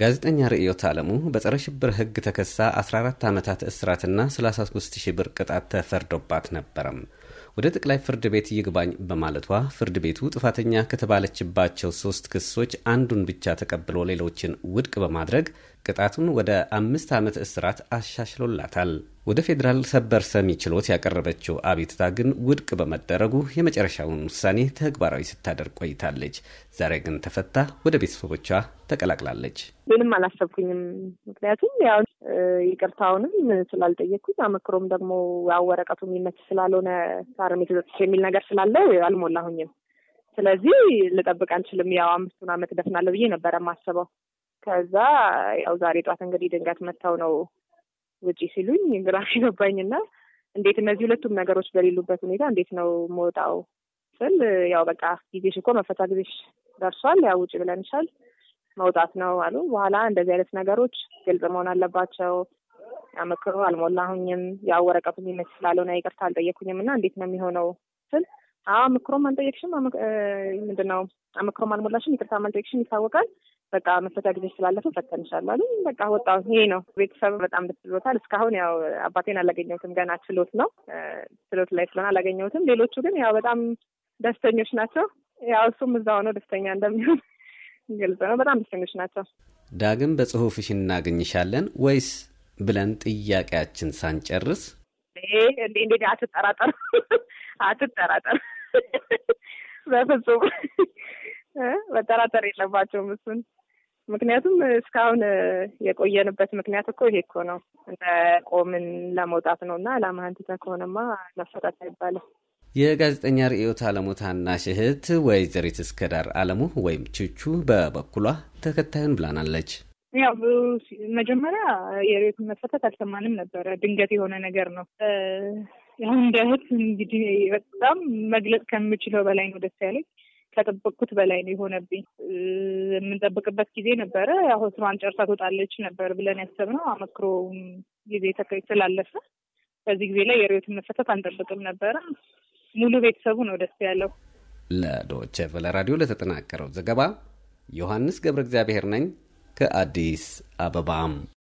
ጋዜጠኛ ርዕዮት አለሙ በጸረ ሽብር ህግ ተከሳ 14 ዓመታት እስራትና 33 ሺህ ብር ቅጣት ተፈርዶባት ነበረም። ወደ ጠቅላይ ፍርድ ቤት ይግባኝ በማለቷ ፍርድ ቤቱ ጥፋተኛ ከተባለችባቸው ሶስት ክሶች አንዱን ብቻ ተቀብሎ ሌሎችን ውድቅ በማድረግ ቅጣቱን ወደ አምስት ዓመት እስራት አሻሽሎላታል። ወደ ፌዴራል ሰበር ሰሚ ችሎት ያቀረበችው አቤትታ ግን ውድቅ በመደረጉ የመጨረሻውን ውሳኔ ተግባራዊ ስታደርግ ቆይታለች። ዛሬ ግን ተፈታ ወደ ቤተሰቦቿ ተቀላቅላለች። ምንም አላሰብኩኝም። ምክንያቱም ያው ይቅርታውንም ስላልጠየቅኩኝ አመክሮም ደግሞ ያው ወረቀቱ የሚመች ስላልሆነ ሳርም የተሰጠች የሚል ነገር ስላለው አልሞላሁኝም። ስለዚህ ልጠብቅ አንችልም። ያው አምስቱን ዓመት ደፍናለሁ ብዬ ነበረ የማስበው። ከዛ ያው ዛሬ ጧት እንግዲህ ድንገት መጥተው ነው ውጪ ሲሉኝ ግራ ገባኝ እና እንዴት እነዚህ ሁለቱም ነገሮች በሌሉበት ሁኔታ እንዴት ነው መውጣው ስል ያው በቃ ጊዜሽ እኮ መፈታ ጊዜሽ ደርሷል፣ ያው ውጭ ብለንሻል፣ መውጣት ነው አሉ። በኋላ እንደዚህ አይነት ነገሮች ግልጽ መሆን አለባቸው። አመክሮ አልሞላሁኝም። ያው ወረቀቱም ይመች ስላልሆነ ይቅርታ አልጠየኩኝም እና እንዴት ነው የሚሆነው ስል አዎ አመክሮም አልጠየቅሽም፣ ምንድን ነው አመክሮም አልሞላሽም፣ ይቅርታ አልጠየቅሽም፣ ይታወቃል። በቃ መፈቻ ጊዜ ስላለፈ ፈተንሻል አሉኝ። በቃ ወጣ። ይሄ ነው ቤተሰብ በጣም ደስ ብሎታል። እስካሁን ያው አባቴን አላገኘሁትም። ገና ችሎት ነው ችሎት ላይ ስለሆነ አላገኘሁትም። ሌሎቹ ግን ያው በጣም ደስተኞች ናቸው። ያው እሱም እዛ ሆነው ደስተኛ እንደሚሆን ግልጽ ነው። በጣም ደስተኞች ናቸው። ዳግም በጽሁፍሽ እናገኝሻለን ወይስ ብለን ጥያቄያችን ሳንጨርስ እንዴ አትጠራጠር አትጠራጠር፣ በፍጹም መጠራጠር የለባቸውም እሱን። ምክንያቱም እስካሁን የቆየንበት ምክንያት እኮ ይሄ እኮ ነው፣ እንደ ቆምን ለመውጣት ነው እና ዓላማህን ትተህ ከሆነማ መፈታት አይባልም። የጋዜጠኛ ርዕዮት ዓለሙ ታናሽ እህት ወይዘሪት እስከዳር አለሙ ወይም ችቹ በበኩሏ ተከታዩን ብላናለች። ያው መጀመሪያ የሬቱን መፈታት አልሰማንም ነበረ። ድንገት የሆነ ነገር ነው። ያው እህት እንግዲህ በጣም መግለጽ ከምችለው በላይ ነው ደስ ያለኝ። ከጠበቅኩት በላይ ነው የሆነብኝ። የምንጠብቅበት ጊዜ ነበረ። ያው ስራን ጨርሳ ትወጣለች ነበር ብለን ያሰብነው አመክሮ ጊዜ ስላለፈ በዚህ ጊዜ ላይ የሬቱን መፈታት አንጠብቅም ነበረ። ሙሉ ቤተሰቡ ነው ደስ ያለው። ለዶቼ ቨለ ራዲዮ ለተጠናቀረው ዘገባ ዮሐንስ ገብረ እግዚአብሔር ነኝ። ከአዲስ አበባ